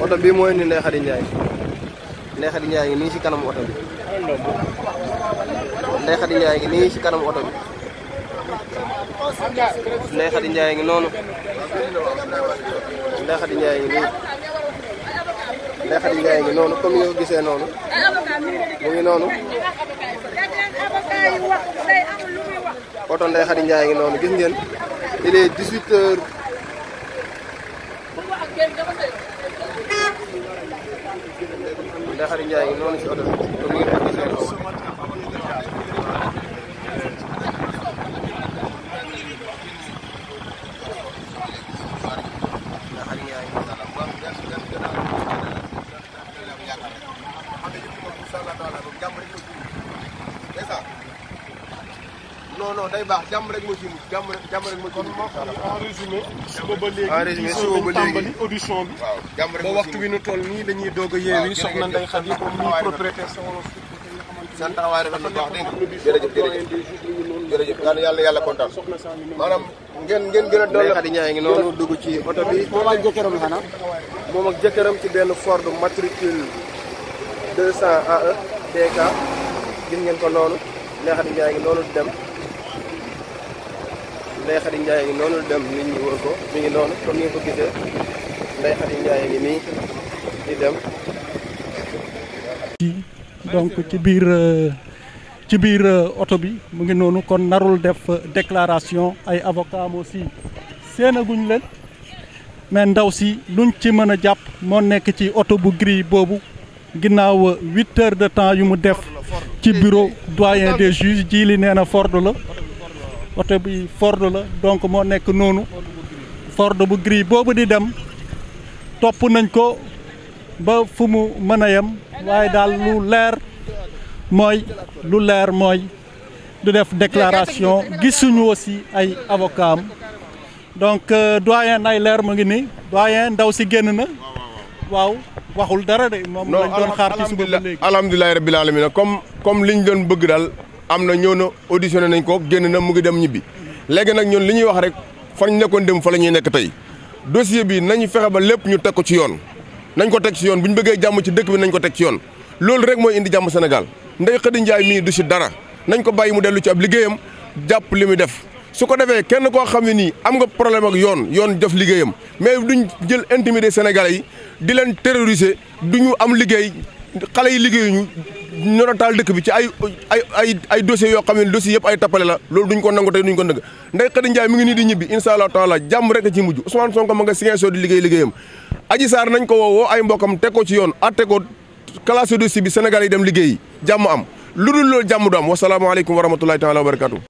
oto bii mooy ni Ndeye Khady Ndiaye Ndeye ngi nii si kanam oto bi Ndeye Khady Ndiaye ngi nii ngi noonu Ndeye Khady Ndiaye ngi nii Ndeye Khady Ndiaye ngi noonu comme yow gisee noonu mu ngi noonu oto Ndeye Khady ngi noonu gis ngeen il est 18 heures Ndeye Khady Ndiaye noonu ci oto bi non day baax jàmm rek moo ci mujj jàmm rek jàmm rek moo ci mujj. en suba ba léegi en résumé suba ba léegi tàmbali audition bi. waaw jàmm rek ba waxtu wi nu toll nii la ñuy doog a yeewi soxna Ndeye Khady comme muy propriétaire sa wolof. seen taxawaay rafet na baax dégg nga jërëjëf jërëjëf jërëjëf yàlla yàlla yàlla kontaan maanaam ngeen ngeen gën a doole Khady Ndiaye ngi noonu dugg ci oto bi moom ak jëkkëram xanaa moom ak jëkkëram ci benn Ford matricule 200 AE TK gis ngeen ko noonu Ndeye Khady Ndiaye ngi noonu dem Ndeye Khady donc ci biir euh, ci biir euh, oto bi mu ngi noonu kon narul def euh, déclaration ay avocat moo si seenaguñ leen mais ndaw si luñ ci mën a jàpp moo nekk ci oto bu gris boobu ginnaaw huit heures de temps yu mu def ci bureau doyen des juges ji li nee na Ford la. oto bi Ford la donc moo nekk noonu Ford bu gris boobu di dem topp nañ ko ba fu mu mën a yem waaye daal lu leer mooy lu leer mooy du def déclaration gisuñu aussi ay avocat am donc euh, doyen nay leer mu ngi ni doyen ndaw si génn na waaw waxul dara de moom lañ doon xaar ci suba ba léegi alhamdulilahi rabbil alamin comme comme liñ doon bëgg daal am na ñëw na auditionné nañ ko génn na mu ngi dem ñibbi léegi nag ñun li ñuy wax rek fan ñu nekkoon dem fa la ñuy nekk tey dossier bi nañu fexe ba lépp ñu teg ko ci yoon nañ ko teg ci yoon bu ñu bëggee jàmm ci dëkk bi nañ ko teg ci yoon loolu rek mooy indi jàmm Sénégal Ndeye Khady Ndiaye nii du ci dara nañ ko bàyyi mu dellu ci ab liggéeyam jàpp li muy def su ko defee kenn koo xam ne nii am nga problème ak yoon yoon def liggéeyam mais duñ jël intimider Sénégalais yi di leen terroriser duñu am liggéey xale yi liggéeyuñu nar taal dëkk bi ci ay ay ay ay dossiers yoo xam ne dossiers yëpp ay tappale la loolu duñ ko nangu tey duñ ko nangu Ndeye Khady Ndiaye mi ngi nii di ñibbi incha allah taala jàmm rek ci mujj Ousmane Sonko ma nga di liggéey liggéeyam Adji Sarr nañ ko woo ay mbokam teg ko ci yoon atte ko classé dossier bi Sénégal yi dem liggéey jàmm am lu dul loolu jàmm du am wasalaamaaleykum wa rahmatulahi taala wa barakatu